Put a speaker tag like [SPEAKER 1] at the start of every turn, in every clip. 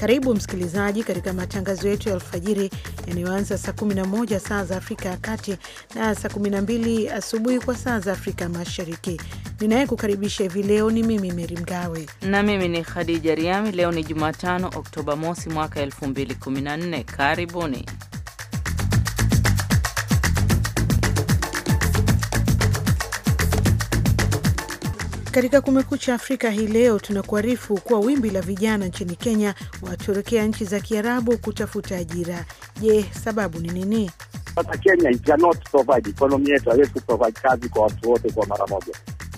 [SPEAKER 1] Karibu msikilizaji katika matangazo yetu ya alfajiri yanayoanza saa 11 saa za Afrika ya Kati na saa 12 asubuhi kwa saa za Afrika Mashariki. Ninayekukaribisha hivi leo ni mimi Meri Mgawe
[SPEAKER 2] na mimi ni Khadija Riami. Leo ni Jumatano, Oktoba mosi mwaka 2014. Karibuni.
[SPEAKER 1] Katika Kumekucha Afrika hii leo tunakuarifu kuwa wimbi la vijana nchini Kenya watorokea nchi za Kiarabu kutafuta ajira. Je, sababu ni nini?
[SPEAKER 3] Sasa Kenya cannot provide, economy yetu haiwezi kuprovide kazi kwa watu wote kwa mara moja.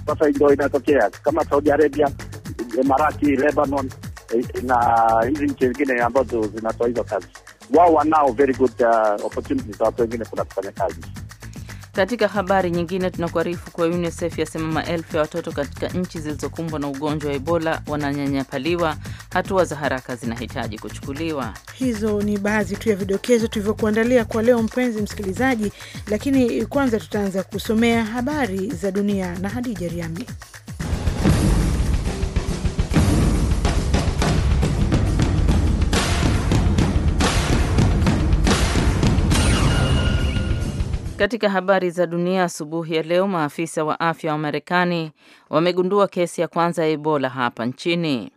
[SPEAKER 3] Sasa ndio inatokea kama Saudi Arabia, Emarati, Lebanon eh, na hizi nchi zingine ambazo zinatoa hizo kazi, wao wanao very good uh, opportunities za watu wengine kuna kufanya kazi
[SPEAKER 2] katika habari nyingine, tunakuarifu kuwa UNICEF yasema maelfu ya watoto katika nchi zilizokumbwa na ugonjwa wa Ebola wananyanyapaliwa. Hatua za haraka zinahitaji kuchukuliwa.
[SPEAKER 1] Hizo ni baadhi tu ya vidokezo tulivyokuandalia kwa leo, mpenzi msikilizaji, lakini kwanza tutaanza kusomea habari za dunia na Hadija Riami.
[SPEAKER 2] Katika habari za dunia asubuhi ya leo, maafisa wa afya wa Marekani wamegundua kesi ya kwanza ya Ebola hapa nchini.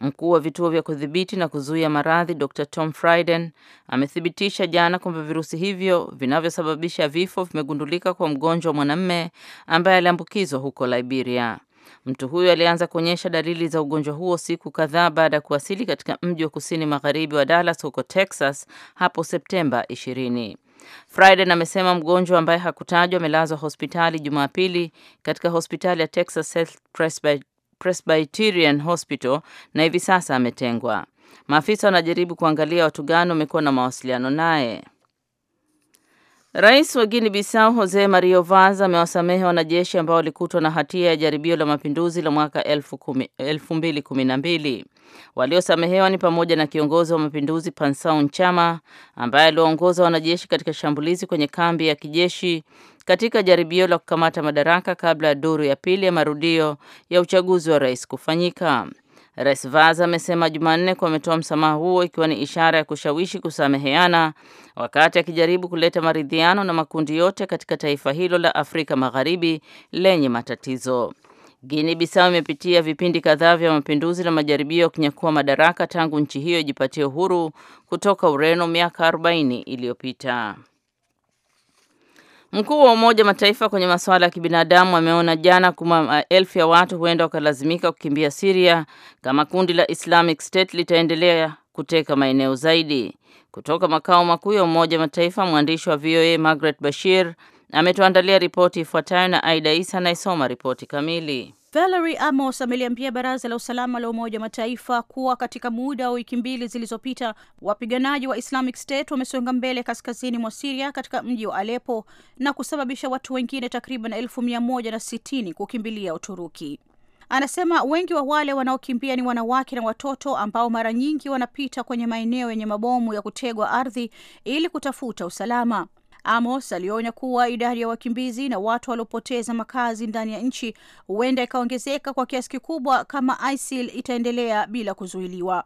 [SPEAKER 2] Mkuu wa vituo vya kudhibiti na kuzuia maradhi Dr. Tom Frieden amethibitisha jana kwamba virusi hivyo vinavyosababisha vifo vimegundulika kwa mgonjwa mwanamume ambaye aliambukizwa huko Liberia. Mtu huyo alianza kuonyesha dalili za ugonjwa huo siku kadhaa baada ya kuwasili katika mji wa kusini magharibi wa Dallas huko Texas hapo Septemba 20. Frieden amesema mgonjwa ambaye hakutajwa amelazwa hospitali Jumapili katika hospitali ya Texas Health Presbyterian Hospital na hivi sasa ametengwa. Maafisa wanajaribu kuangalia watu gani wamekuwa na mawasiliano naye. Rais wa Guinea Bissau Jose Mario Vaz amewasamehe wanajeshi ambao walikutwa na hatia ya jaribio la mapinduzi la mwaka elfu mbili kumi na mbili. Waliosamehewa ni pamoja na kiongozi wa mapinduzi Pansau chama ambaye aliwaongoza wanajeshi katika shambulizi kwenye kambi ya kijeshi katika jaribio la kukamata madaraka kabla ya duru ya pili ya marudio ya uchaguzi wa rais kufanyika. Rais Vaz amesema Jumanne kuwa ametoa msamaha huo ikiwa ni ishara ya kushawishi kusameheana wakati akijaribu kuleta maridhiano na makundi yote katika taifa hilo la Afrika Magharibi lenye matatizo. Guinea Bissau imepitia vipindi kadhaa vya mapinduzi na majaribio ya kunyakua madaraka tangu nchi hiyo ijipatie uhuru kutoka Ureno miaka 40 iliyopita. Mkuu wa Umoja Mataifa kwenye masuala ya kibinadamu ameona jana kuwa maelfu ya watu huenda wakalazimika kukimbia Syria kama kundi la Islamic State litaendelea kuteka maeneo zaidi. Kutoka makao makuu ya Umoja Mataifa, mwandishi wa VOA Margaret Bashir ametuandalia ripoti ifuatayo na Aida Isa anayesoma ripoti kamili.
[SPEAKER 4] Valerie Amos ameliambia baraza la usalama la Umoja wa Mataifa kuwa katika muda wa wiki mbili zilizopita wapiganaji wa Islamic State wamesonga mbele kaskazini mwa Siria katika mji wa Alepo na kusababisha watu wengine takriban elfu mia moja na sitini kukimbilia Uturuki. Anasema wengi wa wale wanaokimbia ni wanawake na watoto ambao mara nyingi wanapita kwenye maeneo yenye mabomu ya kutegwa ardhi ili kutafuta usalama. Amos alionya kuwa idadi ya wakimbizi na watu waliopoteza makazi ndani ya nchi huenda ikaongezeka kwa kiasi kikubwa kama ISIL itaendelea bila kuzuiliwa.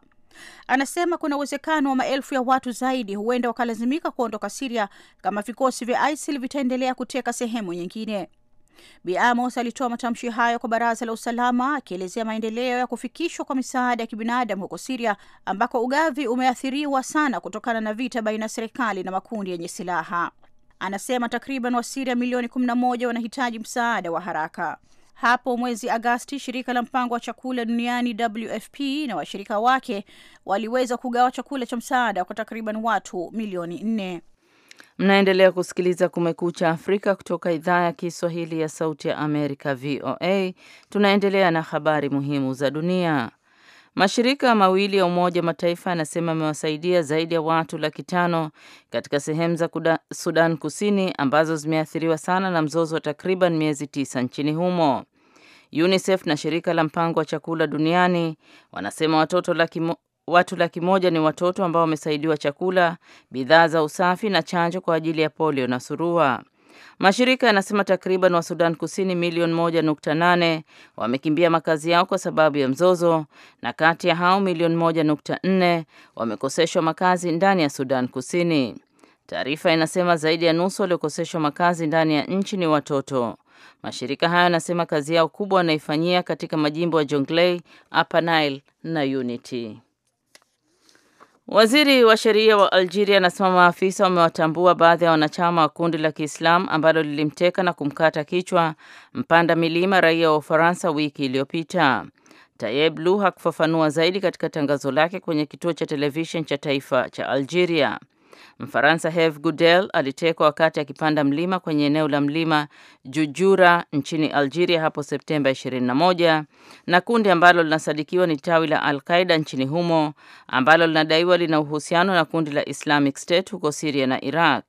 [SPEAKER 4] Anasema kuna uwezekano wa maelfu ya watu zaidi huenda wakalazimika kuondoka Siria kama vikosi vya ISIL vitaendelea kuteka sehemu nyingine. Bi Amos alitoa matamshi hayo kwa Baraza la Usalama akielezea maendeleo ya kufikishwa kwa misaada ya kibinadamu huko Siria ambako ugavi umeathiriwa sana kutokana na vita baina ya serikali na makundi yenye silaha. Anasema takriban Wasiria milioni 11 wanahitaji msaada wa haraka. Hapo mwezi Agasti, shirika la mpango wa chakula duniani WFP na washirika wake waliweza kugawa chakula cha msaada kwa takriban watu milioni nne.
[SPEAKER 2] Mnaendelea kusikiliza Kumekucha Afrika kutoka idhaa ya Kiswahili ya Sauti ya Amerika, VOA. Tunaendelea na habari muhimu za dunia. Mashirika mawili ya Umoja wa Mataifa yanasema yamewasaidia zaidi ya watu laki tano katika sehemu za Sudan Kusini ambazo zimeathiriwa sana na mzozo wa takriban miezi tisa nchini humo. UNICEF na shirika la mpango wa chakula duniani wanasema watoto laki mo, watu laki moja ni watoto ambao wamesaidiwa chakula, bidhaa za usafi na chanjo kwa ajili ya polio na surua. Mashirika yanasema takriban wa Sudan Kusini milioni 1.8 wamekimbia makazi yao kwa sababu ya mzozo, na kati ya hao milioni 1.4 wamekoseshwa makazi ndani ya Sudan Kusini. Taarifa inasema zaidi ya nusu waliokoseshwa makazi ndani ya nchi ni watoto. Mashirika hayo yanasema kazi yao kubwa wanaifanyia katika majimbo ya Jonglei, Upper Nile na Unity. Waziri wa sheria wa Algeria anasema maafisa wamewatambua baadhi ya wanachama wa kundi la Kiislamu ambalo lilimteka na kumkata kichwa mpanda milima raia wa Ufaransa wiki iliyopita. Tayeb Lu hakufafanua zaidi katika tangazo lake kwenye kituo cha televishen cha taifa cha Algeria. Mfaransa Herve gudel alitekwa wakati akipanda mlima kwenye eneo la mlima Jujura nchini Algeria hapo Septemba 21 na kundi ambalo linasadikiwa ni tawi la al Qaida nchini humo ambalo linadaiwa lina uhusiano na kundi la Islamic State huko siria na Iraq.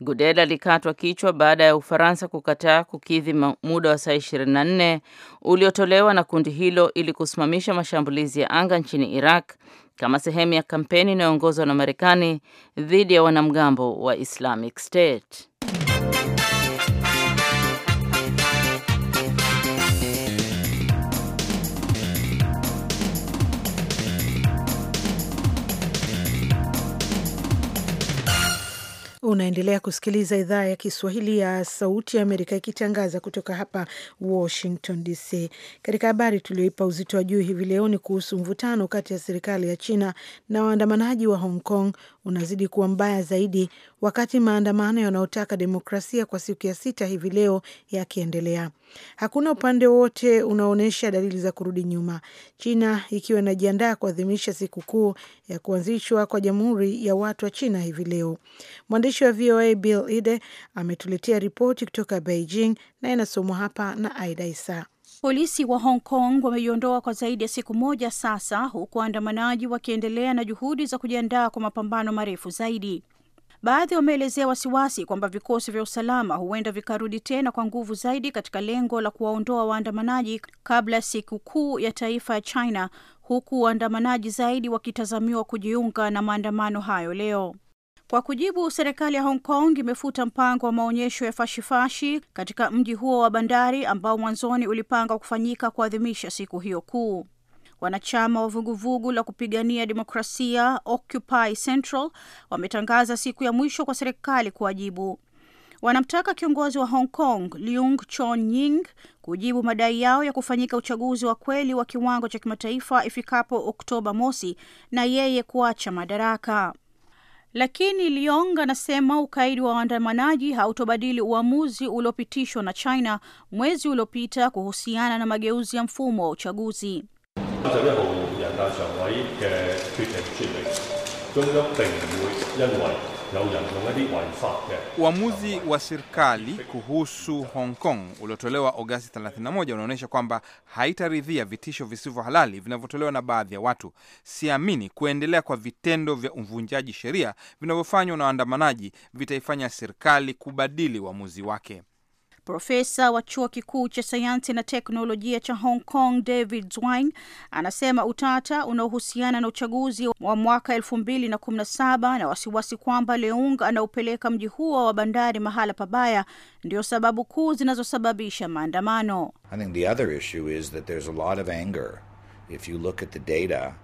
[SPEAKER 2] gudel alikatwa kichwa baada ya Ufaransa kukataa kukidhi muda wa saa 24 uliotolewa na kundi hilo ili kusimamisha mashambulizi ya anga nchini Iraq kama sehemu ya kampeni inayoongozwa na Marekani dhidi ya wanamgambo wa Islamic State.
[SPEAKER 1] Unaendelea kusikiliza idhaa ya Kiswahili ya Sauti ya Amerika ikitangaza kutoka hapa Washington DC. Katika habari tulioipa uzito wa juu hivi leo ni kuhusu mvutano kati ya serikali ya China na waandamanaji wa Hong Kong unazidi kuwa mbaya zaidi wakati maandamano yanayotaka demokrasia kwa siku ya sita hivi leo yakiendelea. Hakuna upande wote unaonyesha dalili za kurudi nyuma, China ikiwa inajiandaa kuadhimisha sikukuu ya kuanzishwa kwa Jamhuri ya Watu wa China hivi leo. Mwandishi wa VOA Bill Ide ametuletea ripoti kutoka Beijing na inasomwa hapa na Aida Isa.
[SPEAKER 4] Polisi wa Hong Kong wameiondoa kwa zaidi ya siku moja sasa, huku waandamanaji wakiendelea na juhudi za kujiandaa kwa mapambano marefu zaidi. Baadhi wameelezea wasiwasi kwamba vikosi vya usalama huenda vikarudi tena kwa nguvu zaidi katika lengo la kuwaondoa waandamanaji kabla ya siku kuu ya taifa ya China, huku waandamanaji zaidi wakitazamiwa kujiunga na maandamano hayo leo. Kwa kujibu, serikali ya Hong Kong imefuta mpango wa maonyesho ya fashifashi katika mji huo wa bandari ambao mwanzoni ulipangwa kufanyika kuadhimisha siku hiyo kuu. Wanachama wa vuguvugu la kupigania demokrasia Occupy Central wametangaza siku ya mwisho kwa serikali kuwajibu. Wanamtaka kiongozi wa Hong Kong Leung Chon-ying kujibu madai yao ya kufanyika uchaguzi wa kweli wa kiwango cha kimataifa ifikapo Oktoba mosi na yeye kuacha madaraka. Lakini Liong anasema ukaidi wa waandamanaji hautobadili uamuzi uliopitishwa na China mwezi uliopita kuhusiana na mageuzi ya mfumo wa uchaguzi.
[SPEAKER 5] Uamuzi wa serikali kuhusu Hong Kong uliotolewa Agosti 31 unaonyesha kwamba haitaridhia vitisho visivyo halali vinavyotolewa na baadhi ya watu. Siamini kuendelea kwa vitendo vya uvunjaji sheria vinavyofanywa na waandamanaji vitaifanya serikali kubadili uamuzi wake.
[SPEAKER 4] Profesa wa chuo kikuu cha sayansi na teknolojia cha Hong Kong David Zwang anasema utata unaohusiana na uchaguzi wa mwaka elfu mbili na kumi na saba na wasiwasi kwamba Leung anaupeleka mji huo wa bandari mahala pabaya ndio sababu kuu zinazosababisha maandamano.
[SPEAKER 5] I think the other issue is that there's a lot of anger if you look at the data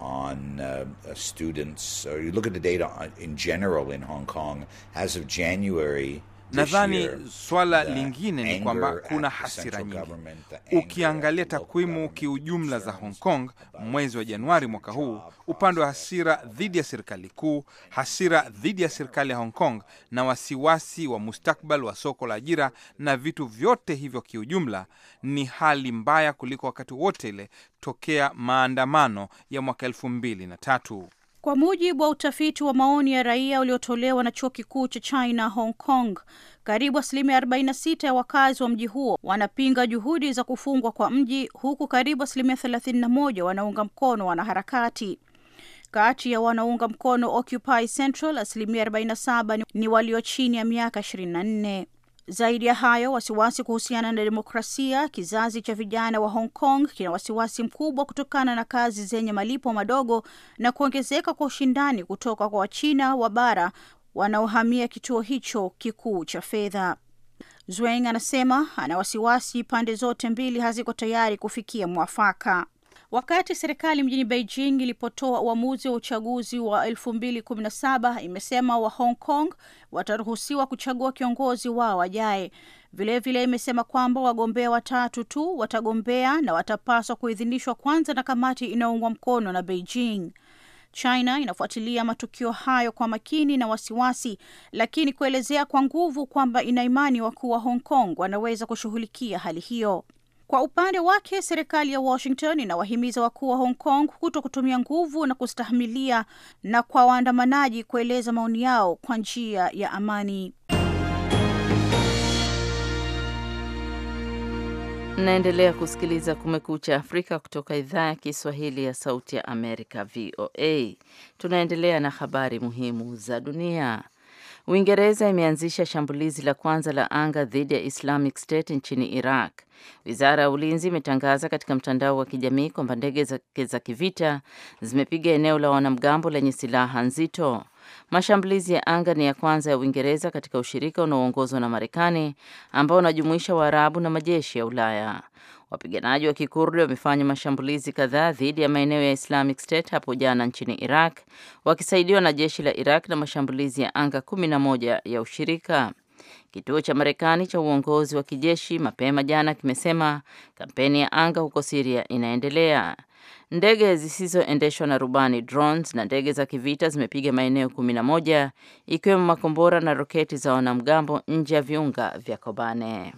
[SPEAKER 5] on uh, students or you look at the data in general in Hong Kong as of January Nadhani swala lingine ni kwamba kuna hasira nyingi. Ukiangalia takwimu kiujumla za Hong Kong mwezi wa Januari mwaka huu, upande wa hasira dhidi ya serikali kuu, hasira dhidi ya serikali ya Hong Kong na wasiwasi wa mustakbal wa soko la ajira na vitu vyote hivyo, kiujumla ni hali mbaya kuliko wakati wote ile tokea maandamano ya mwaka elfu mbili na tatu.
[SPEAKER 4] Kwa mujibu wa utafiti wa maoni ya raia uliotolewa na chuo kikuu cha China Hong Kong, karibu asilimia 46 ya wakazi wa mji huo wanapinga juhudi za kufungwa kwa mji, huku karibu asilimia 31 wanaunga mkono wanaharakati. Kati ya wanaunga mkono Occupy Central, asilimia 47 ni walio chini ya miaka 24. Zaidi ya hayo, wasiwasi kuhusiana na demokrasia. Kizazi cha vijana wa Hong Kong kina wasiwasi mkubwa kutokana na kazi zenye malipo madogo na kuongezeka kwa ushindani kutoka kwa Wachina wa bara wanaohamia kituo hicho kikuu cha fedha. Zweng anasema ana wasiwasi pande zote mbili haziko tayari kufikia mwafaka. Wakati serikali mjini Beijing ilipotoa uamuzi wa uchaguzi wa elfu imesema wa Hong Kong wataruhusiwa kuchagua kiongozi wao wajae Vilevile imesema kwamba wagombea watatu tu watagombea na watapaswa kuidhinishwa kwanza na kamati inayoungwa mkono na Beijing. China inafuatilia matukio hayo kwa makini na wasiwasi, lakini kuelezea kwa nguvu kwamba ina imani wakuu wa Hong Kong wanaweza kushughulikia hali hiyo. Kwa upande wake, serikali ya Washington inawahimiza wakuu wa Hong Kong kuto kutumia nguvu na kustahimilia na kwa waandamanaji kueleza maoni yao kwa njia ya amani.
[SPEAKER 2] Naendelea kusikiliza Kumekucha Afrika kutoka idhaa ya Kiswahili ya Sauti ya Amerika, VOA. Tunaendelea na habari muhimu za dunia. Uingereza imeanzisha shambulizi la kwanza la anga dhidi ya Islamic State nchini Iraq. Wizara ya Ulinzi imetangaza katika mtandao wa kijamii kwamba ndege zake za kivita zimepiga eneo la wanamgambo lenye silaha nzito. Mashambulizi ya anga ni ya kwanza ya Uingereza katika ushirika unaoongozwa na Marekani ambao unajumuisha Waarabu na majeshi ya Ulaya. Wapiganaji wa Kikurdi wamefanya mashambulizi kadhaa dhidi ya maeneo ya Islamic State hapo jana nchini Iraq wakisaidiwa na jeshi la Iraq na mashambulizi ya anga kumi moja ya ushirika. Kituo cha Marekani cha uongozi wa kijeshi mapema jana kimesema kampeni ya anga huko Siria inaendelea. Ndege zisizoendeshwa na rubani drones na ndege za kivita zimepiga maeneo kumi moja ikiwemo makombora na roketi za wanamgambo nje ya viunga vya Kobane.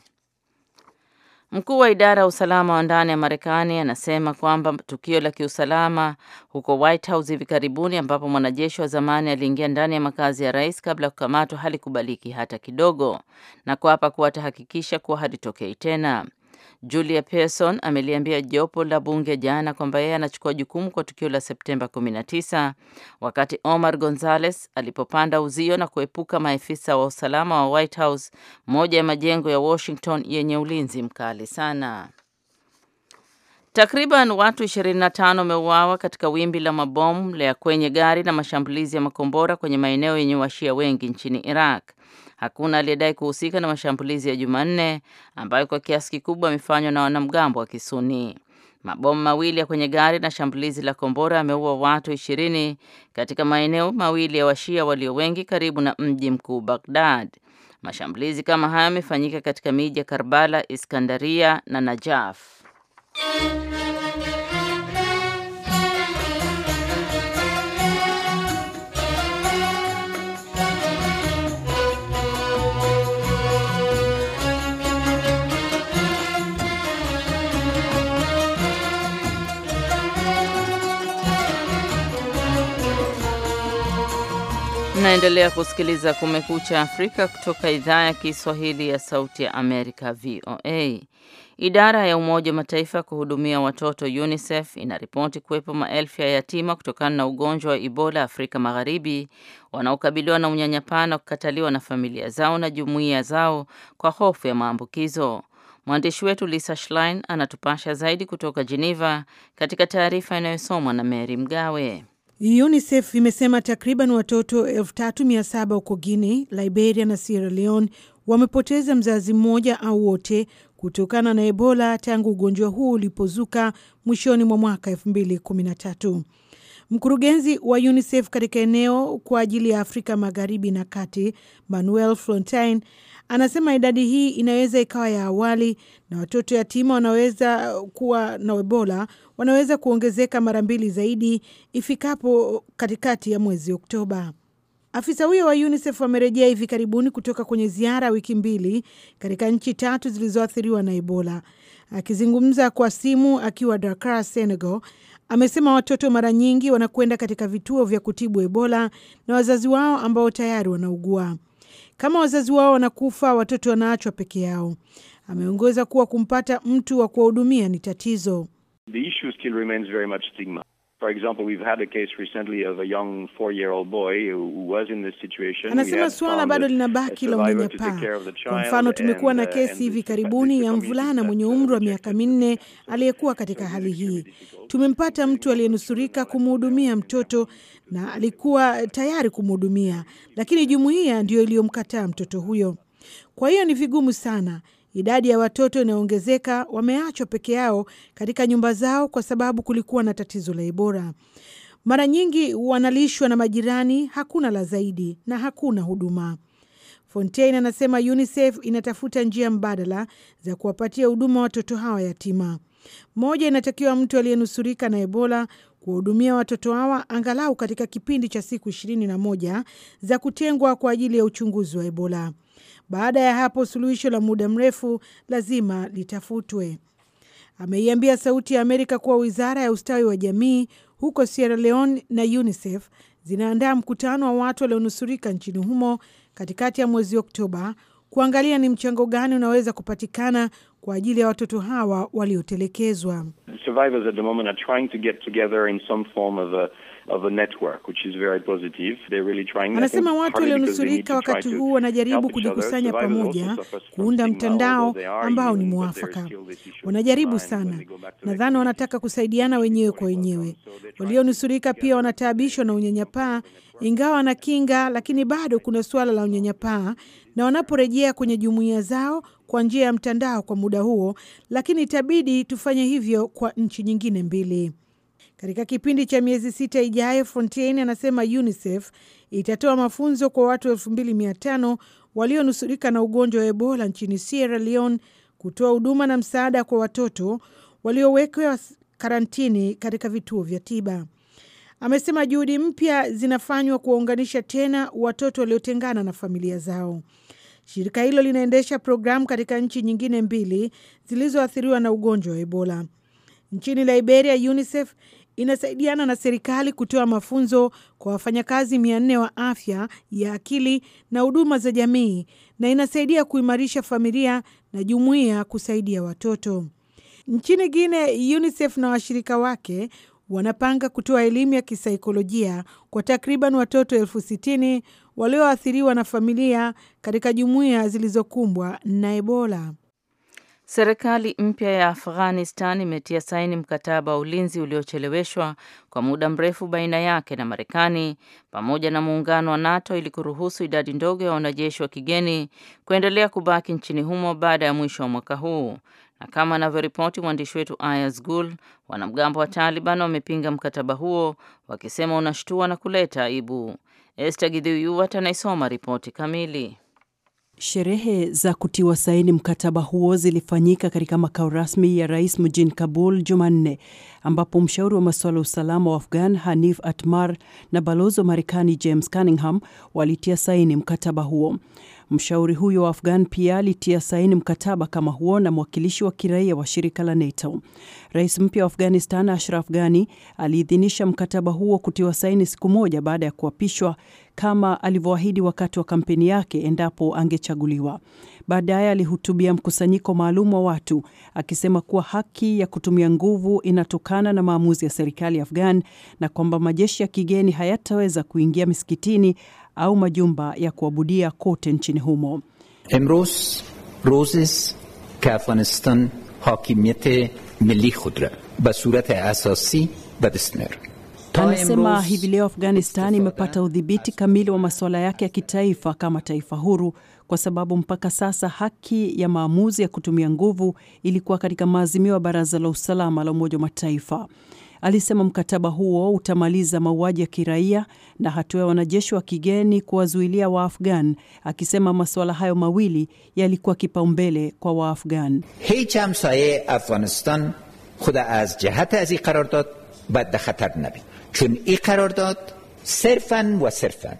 [SPEAKER 2] Mkuu wa idara ya usalama wa ndani ya Marekani anasema kwamba tukio la kiusalama huko White House hivi karibuni, ambapo mwanajeshi wa zamani aliingia ndani ya makazi ya rais kabla ya kukamatwa, halikubaliki hata kidogo, na kuapa kuwa atahakikisha kuwa halitokei tena. Julia Pearson ameliambia jopo la bunge jana kwamba yeye anachukua jukumu kwa tukio la Septemba 19 wakati Omar Gonzales alipopanda uzio na kuepuka maafisa wa usalama wa White House, moja ya majengo ya Washington yenye ulinzi mkali sana. Takriban watu 25 wameuawa katika wimbi la mabomu ya kwenye gari na mashambulizi ya makombora kwenye maeneo yenye washia wengi nchini Iraq. Hakuna aliyedai kuhusika na mashambulizi ya Jumanne ambayo kwa kiasi kikubwa yamefanywa na wanamgambo wa Kisuni. Mabomu mawili ya kwenye gari na shambulizi la kombora yameua watu ishirini katika maeneo mawili ya Washia walio wengi karibu na mji mkuu Baghdad. Mashambulizi kama haya yamefanyika katika miji ya Karbala, Iskandaria na Najaf. Unaendelea kusikiliza Kumekucha Afrika kutoka idhaa ya Kiswahili ya Sauti ya Amerika, VOA. Idara ya Umoja wa Mataifa kuhudumia watoto UNICEF inaripoti kuwepo maelfu ya yatima kutokana na ugonjwa wa Ebola Afrika Magharibi, wanaokabiliwa na unyanyapaa na kukataliwa na familia zao na jumuiya zao kwa hofu ya maambukizo. Mwandishi wetu Lisa Schlein anatupasha zaidi kutoka Geneva, katika taarifa inayosomwa na Mary Mgawe.
[SPEAKER 1] UNICEF imesema takriban watoto 3700 huko Guinea, Liberia na Sierra Leone wamepoteza mzazi mmoja au wote kutokana na Ebola tangu ugonjwa huu ulipozuka mwishoni mwa mwaka 2013. Mkurugenzi wa UNICEF katika eneo kwa ajili ya Afrika Magharibi na Kati, Manuel frontin anasema idadi hii inaweza ikawa ya awali na watoto yatima wanaweza kuwa na Ebola wanaweza kuongezeka mara mbili zaidi ifikapo katikati ya mwezi Oktoba. Afisa huyo wa UNICEF amerejea hivi karibuni kutoka kwenye ziara wiki mbili katika nchi tatu zilizoathiriwa na Ebola. Akizungumza kwa simu akiwa Dakar, Senegal, Amesema watoto mara nyingi wanakwenda katika vituo vya kutibu Ebola na wazazi wao ambao tayari wanaugua. Kama wazazi wao wanakufa, watoto wanaachwa peke yao. Ameongeza kuwa kumpata mtu wa kuwahudumia ni tatizo.
[SPEAKER 3] The issue still remains very much stigma for example, we've had a case recently of a young four-year-old boy who was in this situation. Anasema suala bado
[SPEAKER 1] linabaki la unyanyapaa. Kwa mfano, tumekuwa na uh, kesi hivi karibuni ya mvulana mwenye umri wa miaka minne aliyekuwa katika hali hii. Tumempata mtu aliyenusurika kumhudumia mtoto na alikuwa tayari kumhudumia, lakini jumuiya ndiyo iliyomkataa mtoto huyo. Kwa hiyo ni vigumu sana Idadi ya watoto inayoongezeka wameachwa peke yao katika nyumba zao kwa sababu kulikuwa na tatizo la Ebola. Mara nyingi wanalishwa na majirani, hakuna la zaidi na hakuna huduma. Fontaine anasema UNICEF inatafuta njia mbadala za kuwapatia huduma watoto hawa yatima. Moja, inatakiwa mtu aliyenusurika na Ebola kuwahudumia watoto hawa angalau katika kipindi cha siku ishirini na moja za kutengwa kwa ajili ya uchunguzi wa Ebola. Baada ya hapo, suluhisho la muda mrefu lazima litafutwe. Ameiambia Sauti ya Amerika kuwa wizara ya ustawi wa jamii huko Sierra Leone na UNICEF zinaandaa mkutano wa watu walionusurika nchini humo katikati ya mwezi Oktoba kuangalia ni mchango gani unaweza kupatikana kwa ajili ya watoto hawa waliotelekezwa
[SPEAKER 3] of a network which is very positive. They're really trying. Anasema watu walionusurika wakati huu wanajaribu kujikusanya pamoja
[SPEAKER 1] kuunda mtandao ambao ni mwafaka. Wanajaribu sana, nadhani wanataka kusaidiana wenyewe kwa wenyewe. Walionusurika pia wanataabishwa na unyanyapaa, ingawa wana kinga, lakini bado kuna suala la unyanyapaa na wanaporejea kwenye jumuiya zao kwa njia ya mtandao kwa muda huo, lakini itabidi tufanye hivyo kwa nchi nyingine mbili. Katika kipindi cha miezi sita ijayo, Fontaine anasema UNICEF itatoa mafunzo kwa watu tano walionusurika na ugonjwa wa Ebola nchini Sierra Leone, kutoa huduma na msaada kwa watoto waliowekwa karantini katika vituo vya tiba. Amesema juhudi mpya zinafanywa kuwaunganisha tena watoto waliotengana na familia zao. Shirika hilo linaendesha programu katika nchi nyingine mbili zilizoathiriwa na ugonjwa wa Ebola. Nchini Liberia, UNICEF inasaidiana na serikali kutoa mafunzo kwa wafanyakazi mia nne wa afya ya akili na huduma za jamii na inasaidia kuimarisha familia na jumuiya kusaidia watoto. Nchini Guine, UNICEF na washirika wake wanapanga kutoa elimu ya kisaikolojia kwa takriban watoto elfu sitini walioathiriwa na familia katika jumuiya zilizokumbwa na Ebola.
[SPEAKER 2] Serikali mpya ya Afghanistan imetia saini mkataba wa ulinzi uliocheleweshwa kwa muda mrefu baina yake na Marekani pamoja na muungano wa NATO ili kuruhusu idadi ndogo ya wanajeshi wa kigeni kuendelea kubaki nchini humo baada ya mwisho wa mwaka huu. Na kama anavyoripoti mwandishi wetu Ayaz Gul, wanamgambo wa Taliban wamepinga mkataba huo wakisema unashtua na kuleta aibu. Esther Gidhiu anaisoma ripoti kamili.
[SPEAKER 6] Sherehe za kutiwa saini mkataba huo zilifanyika katika makao rasmi ya rais mjini Kabul Jumanne, ambapo mshauri wa masuala ya usalama wa Afghan Hanif Atmar na balozi wa Marekani James Cunningham walitia saini mkataba huo. Mshauri huyo wa Afghan pia alitia saini mkataba kama huo na mwakilishi wa kiraia wa shirika la NATO. Rais mpya wa Afghanistan Ashraf Ghani aliidhinisha mkataba huo kutiwa saini siku moja baada ya kuapishwa kama alivyoahidi wakati wa kampeni yake endapo angechaguliwa. Baadaye alihutubia mkusanyiko maalum wa watu akisema kuwa haki ya kutumia nguvu inatokana na maamuzi ya serikali ya Afghan na kwamba majeshi ya kigeni hayataweza kuingia misikitini au majumba ya kuabudia kote nchini humo.
[SPEAKER 3] Emros rozes ke afghanistan hakimiyet milli khud ra ba asasi Anasema hivi
[SPEAKER 6] leo Afghanistan imepata udhibiti kamili wa masuala yake ya kitaifa kama taifa huru, kwa sababu mpaka sasa haki ya maamuzi ya kutumia nguvu ilikuwa katika maazimio ya Baraza la Usalama la Umoja wa Mataifa. Alisema mkataba huo utamaliza mauaji ya kiraia na hatua ya wanajeshi wa kigeni kuwazuilia Waafghan, akisema masuala hayo mawili yalikuwa kipaumbele kwa
[SPEAKER 3] Waafghan. afghanistan khuda az az i khatar chun i sirfan wa sirfan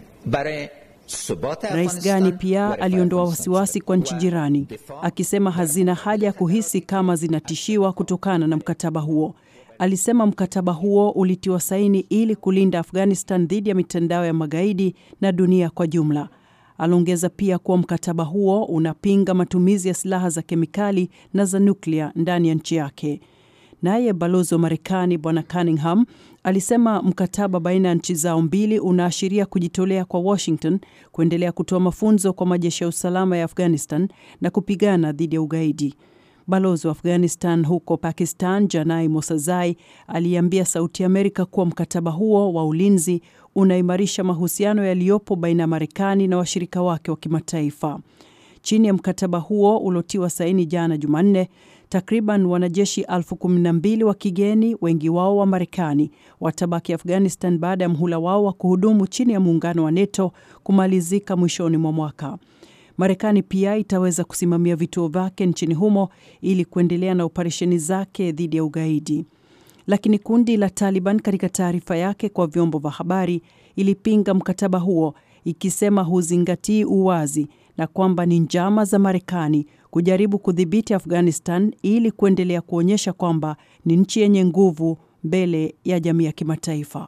[SPEAKER 3] Rais Gani
[SPEAKER 6] pia aliondoa wasiwasi kwa nchi jirani akisema hazina haja ya kuhisi kama zinatishiwa kutokana na mkataba huo alisema mkataba huo ulitiwa saini ili kulinda Afghanistan dhidi ya mitandao ya magaidi na dunia kwa jumla. Aliongeza pia kuwa mkataba huo unapinga matumizi ya silaha za kemikali na za nyuklia ndani ya nchi yake. Naye balozi wa Marekani Bwana Cunningham alisema mkataba baina ya nchi zao mbili unaashiria kujitolea kwa Washington kuendelea kutoa mafunzo kwa majeshi ya usalama ya Afghanistan na kupigana dhidi ya ugaidi. Balozi wa Afghanistan huko Pakistan, Janai Mosazai, aliambia Sauti Amerika kuwa mkataba huo wa ulinzi unaimarisha mahusiano yaliyopo baina ya Marekani na washirika wake wa kimataifa. Chini ya mkataba huo uliotiwa saini jana Jumanne, takriban wanajeshi elfu kumi na mbili wa kigeni, wengi wao wa Marekani, watabaki Afghanistan baada ya mhula wao wa kuhudumu chini ya muungano wa NATO kumalizika mwishoni mwa mwaka. Marekani pia itaweza kusimamia vituo vyake nchini humo ili kuendelea na operesheni zake dhidi ya ugaidi. Lakini kundi la Taliban katika taarifa yake kwa vyombo vya habari ilipinga mkataba huo ikisema huzingatii uwazi na kwamba ni njama za Marekani kujaribu kudhibiti Afghanistan ili kuendelea kuonyesha kwamba ni nchi yenye nguvu mbele ya jamii ya kimataifa.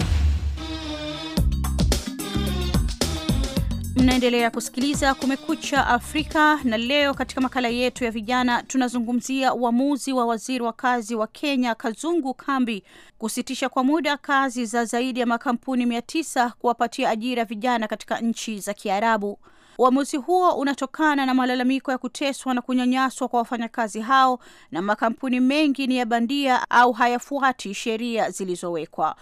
[SPEAKER 4] Mnaendelea kusikiliza Kumekucha Afrika, na leo katika makala yetu ya vijana tunazungumzia uamuzi wa waziri wa kazi wa Kenya Kazungu Kambi kusitisha kwa muda kazi za zaidi ya makampuni mia tisa kuwapatia ajira vijana katika nchi za Kiarabu. Uamuzi huo unatokana na malalamiko ya kuteswa na kunyanyaswa kwa wafanyakazi hao, na makampuni mengi ni ya bandia au hayafuati sheria zilizowekwa.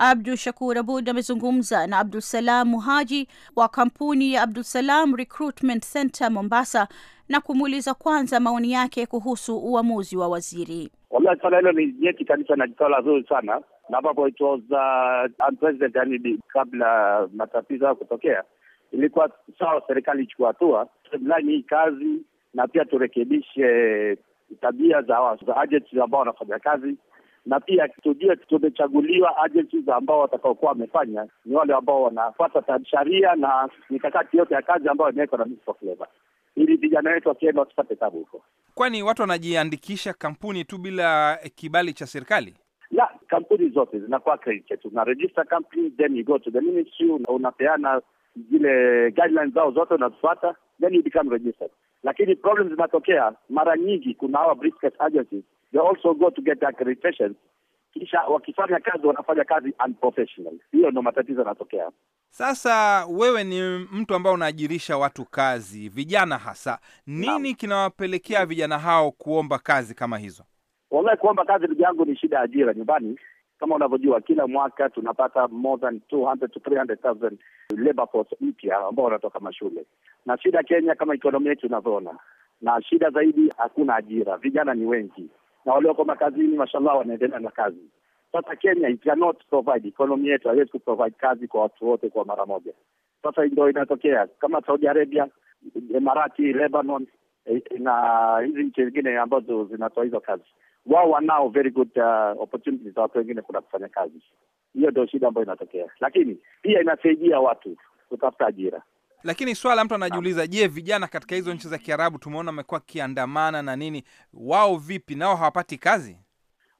[SPEAKER 4] Abdu Shakur Abud amezungumza na Abdul Salam Muhaji wa kampuni ya Abdul Salam Recruitment Center Mombasa na kumuuliza kwanza maoni yake
[SPEAKER 3] kuhusu uamuzi wa waziri. Wallahi, swala hilo ni nyeti kabisa na swala zuri sana na ambapo it was uh, unprecedented, yani kabla matatizo hayo kutokea, ilikuwa sawa serikali ichukua hatua streamline hii kazi na pia turekebishe tabia za, za agents ambao wanafanya kazi na pia tujue tumechaguliwa agencies ambao watakaokuwa wamefanya ni wale ambao wanafuata sharia na mikakati yote ya kazi ambayo imewekwa na Ministry of Labour ili vijana wetu wakienda wasipate tabu huko,
[SPEAKER 5] kwani watu wanajiandikisha kampuni tu bila kibali cha serikali.
[SPEAKER 3] La, kampuni zote zinakuwa accredited, una register company then you go to the ministry, unapeana zile guidelines zao zote unazifuata, then you become registered. Lakini problem zinatokea mara nyingi, kuna hawa agencies they also go to get accreditation, kisha wakifanya kazi wanafanya kazi unprofessional. Hiyo ndo matatizo yanatokea.
[SPEAKER 5] Sasa wewe ni mtu ambao unaajirisha watu kazi, vijana hasa, nini kinawapelekea vijana hao kuomba kazi kama hizo?
[SPEAKER 3] Wallahi, kuomba kazi ndugu yangu ni shida ya ajira nyumbani. Kama unavyojua, kila mwaka tunapata more than 200 to 300,000 labor force mpya ambao wanatoka mashule, na shida Kenya, kama ekonomi yetu unavyoona, na shida zaidi, hakuna ajira, vijana ni wengi na walioko makazini mashallah wanaendelea na kazi. Sasa Kenya it cannot provide, economy yetu haiwezi kuprovide kazi kwa watu wote kwa mara moja. Sasa ndio inatokea kama Saudi Arabia, emarati Lebanon eh, na hizi nchi zingine ambazo zinatoa hizo kazi, wao wanao very good uh, opportunities za watu wengine kuna kufanya kazi. Hiyo ndio shida ambayo inatokea, lakini pia inasaidia watu kutafuta ajira.
[SPEAKER 5] Lakini swala mtu anajiuliza, je, vijana katika hizo nchi za Kiarabu tumeona wamekuwa kiandamana na nini, wao vipi? Nao hawapati kazi?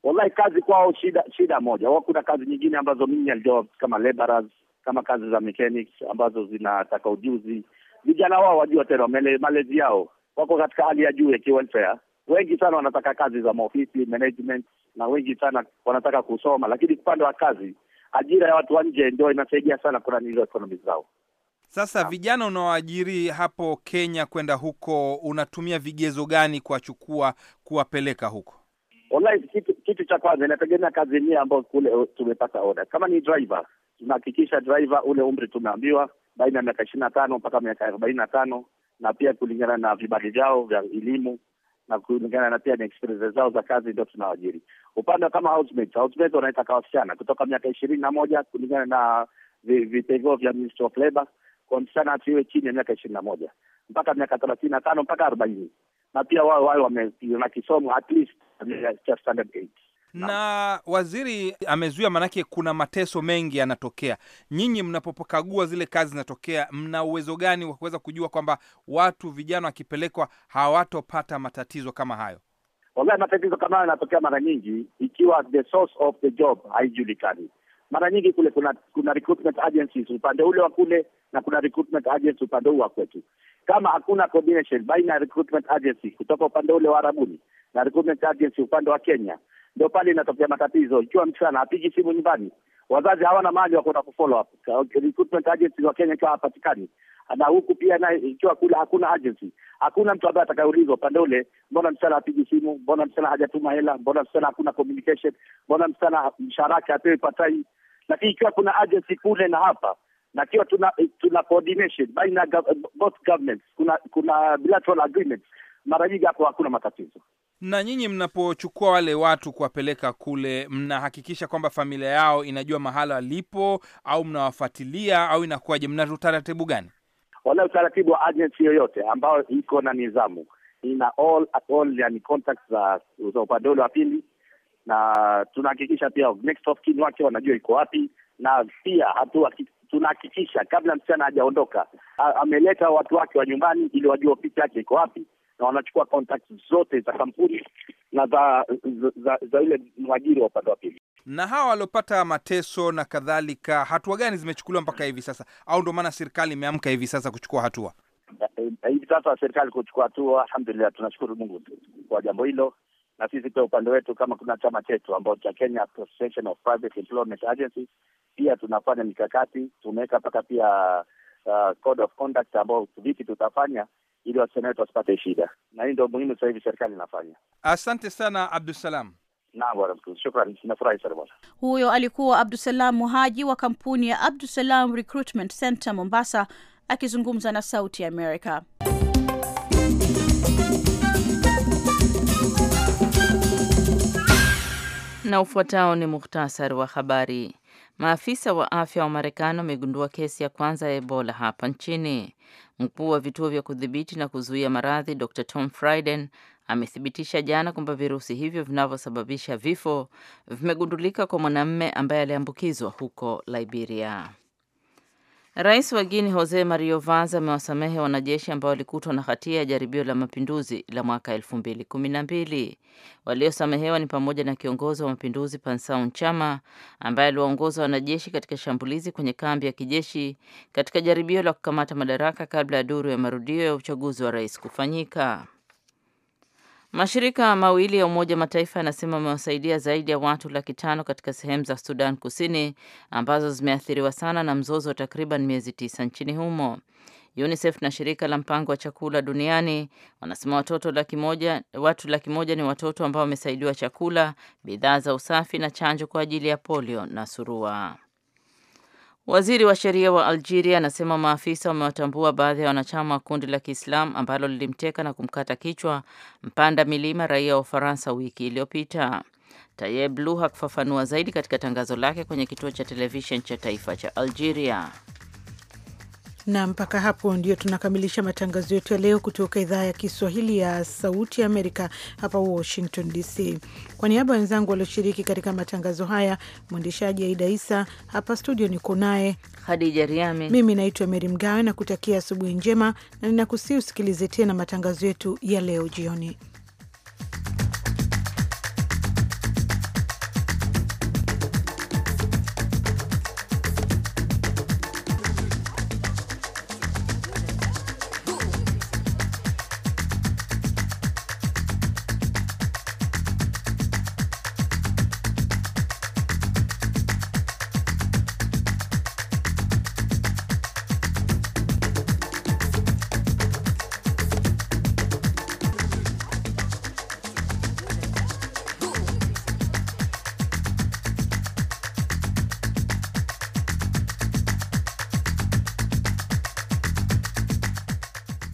[SPEAKER 3] Wallahi, kazi kwao shida shida moja wao, kuna kazi nyingine ambazo menial jobs kama laborers, kama kazi za mechanics ambazo zinataka ujuzi. Vijana wao wajua tena malezi yao, wako katika hali ya juu ya kiwelfare. Wengi sana wanataka kazi za maofisi management, na wengi sana wanataka kusoma, lakini upande wa kazi, ajira ya watu wa nje ndio inasaidia sana kunaniliwa ekonomi zao.
[SPEAKER 5] Sasa vijana unaoajiri hapo Kenya kwenda huko, unatumia vigezo gani kuwachukua kuwapeleka huko?
[SPEAKER 3] Wallahi, kitu, kitu cha kwanza inategemea kazi nia ambayo kule uh, tumepata oda. Kama ni driver, tunahakikisha driver ule umri tumeambiwa baina ya miaka ishirini na tano mpaka miaka arobaini na tano na pia kulingana na vibali vyao vya elimu na kulingana na pia na experience zao za kazi ndio tunawajiri. Upande wa kama housemates, housemates wanaitaka wasichana kutoka miaka ishirini na moja kulingana na vitengo vya Ministry of Labor kwa msichana asiwe chini ya miaka ishirini na moja mpaka miaka thelathini na tano mpaka arobaini na pia wao wao wamena kisomo at least cha standard eight
[SPEAKER 5] na waziri amezuia, maanake kuna mateso mengi yanatokea. Nyinyi mnapokagua zile kazi zinatokea, mna uwezo gani wa kuweza kujua kwamba watu vijana wakipelekwa hawatopata matatizo kama
[SPEAKER 3] hayo? Wallahi, matatizo kama hayo yanatokea mara nyingi ikiwa the source of the job haijulikani mara nyingi kule kuna kuna recruitment agencies upande ule wa kule na kuna recruitment agency upande huu wa kwetu. Kama hakuna coordination baina ya recruitment agency kutoka upande ule wa Arabuni na recruitment agency upande wa Kenya, ndio pale inatokea matatizo. Ikiwa msichana hapigi simu nyumbani, wazazi hawana mahali wa kwenda kufollow up, recruitment agency wa Kenya ikiwa hapatikani, na huku pia naye ikiwa kule hakuna agency, hakuna mtu ambaye atakayeulizwa upande ule, mbona msichana hapigi simu, mbona msichana hajatuma hela, mbona msichana hakuna communication, mbona msichana msharaka apewe patai. Lakini ikiwa kuna agency kule na hapa na ikiwa tuna tuna coordination baina ya both governments, kuna kuna bilateral agreements, mara nyingi hapo hakuna matatizo
[SPEAKER 5] na nyinyi mnapochukua wale watu kuwapeleka kule, mnahakikisha kwamba familia yao inajua mahala walipo, au mnawafuatilia au inakuwaje? Mna utaratibu gani?
[SPEAKER 3] wala utaratibu wa agency yoyote ambayo iko na nidhamu ina all at all, yani contacts za za upande ule wa pili, na tunahakikisha pia next of kin wake wanajua iko wapi, na pia hatua tunahakikisha kabla msichana hajaondoka ameleta watu wake wa nyumbani, ili wajua ofisi yake iko wapi, na wanachukua contacts zote za kampuni na za za, za, za mwajiri wa upande wa pili.
[SPEAKER 5] Na hawa waliopata mateso na kadhalika, hatua gani zimechukuliwa mpaka hivi sasa, au ndio maana serikali imeamka hivi sasa kuchukua hatua?
[SPEAKER 3] Eh, hivi sasa serikali kuchukua hatua, alhamdulillah, tunashukuru Mungu kwa jambo hilo. Na sisi pia upande wetu, kama kuna chama chetu ambao cha Kenya Association of Private Employment pia tunafanya mikakati, tumeweka mpaka pia uh, code of conduct ambao vipi tutafanya ili wasichana wetu wasipate shida, na hii ndio muhimu sasa hivi serikali inafanya.
[SPEAKER 5] Asante sana Abdusalam.
[SPEAKER 4] Huyo alikuwa Abdusalam Muhaji wa kampuni ya Abdusalam Recruitment Center Mombasa, akizungumza na Sauti ya Amerika.
[SPEAKER 2] Na ufuatao ni muhtasari wa habari. Maafisa wa afya wa Marekani wamegundua kesi ya kwanza ya Ebola hapa nchini. Mkuu wa vituo vya kudhibiti na kuzuia maradhi Dr Tom Frieden amethibitisha jana kwamba virusi hivyo vinavyosababisha vifo vimegundulika kwa mwanamume ambaye aliambukizwa huko Liberia. Rais wa Guini Jose Mario Vaz amewasamehe wanajeshi ambao walikutwa na hatia ya jaribio la mapinduzi la mwaka elfu mbili kumi na mbili. Waliosamehewa ni pamoja na kiongozi wa mapinduzi Pansau Nchama ambaye aliwaongoza wanajeshi katika shambulizi kwenye kambi ya kijeshi katika jaribio la kukamata madaraka kabla ya duru ya marudio ya uchaguzi wa rais kufanyika. Mashirika mawili ya Umoja wa Mataifa yanasema amewasaidia zaidi ya watu laki tano katika sehemu za Sudan Kusini ambazo zimeathiriwa sana na mzozo wa takriban miezi tisa nchini humo. UNICEF na shirika la mpango wa chakula duniani wanasema watoto laki moja, watu laki moja ni watoto ambao wamesaidiwa chakula, bidhaa za usafi na chanjo kwa ajili ya polio na surua. Waziri wa sheria wa Algeria anasema maafisa wamewatambua baadhi ya wanachama wa kundi la Kiislamu ambalo lilimteka na kumkata kichwa mpanda milima raia wa Ufaransa wiki iliyopita. Tayeb Lu hakufafanua zaidi katika tangazo lake kwenye kituo cha televisheni cha taifa cha Algeria
[SPEAKER 1] na mpaka hapo ndio tunakamilisha matangazo yetu ya leo kutoka idhaa ya Kiswahili ya Sauti Amerika hapa Washington DC. Kwa niaba ya wenzangu walioshiriki katika matangazo haya, mwendeshaji Aida Isa hapa studio, niko naye Hadija Riami, mimi naitwa Meri Mgawe na kutakia asubuhi njema, na ninakusii usikilize tena matangazo yetu ya leo jioni.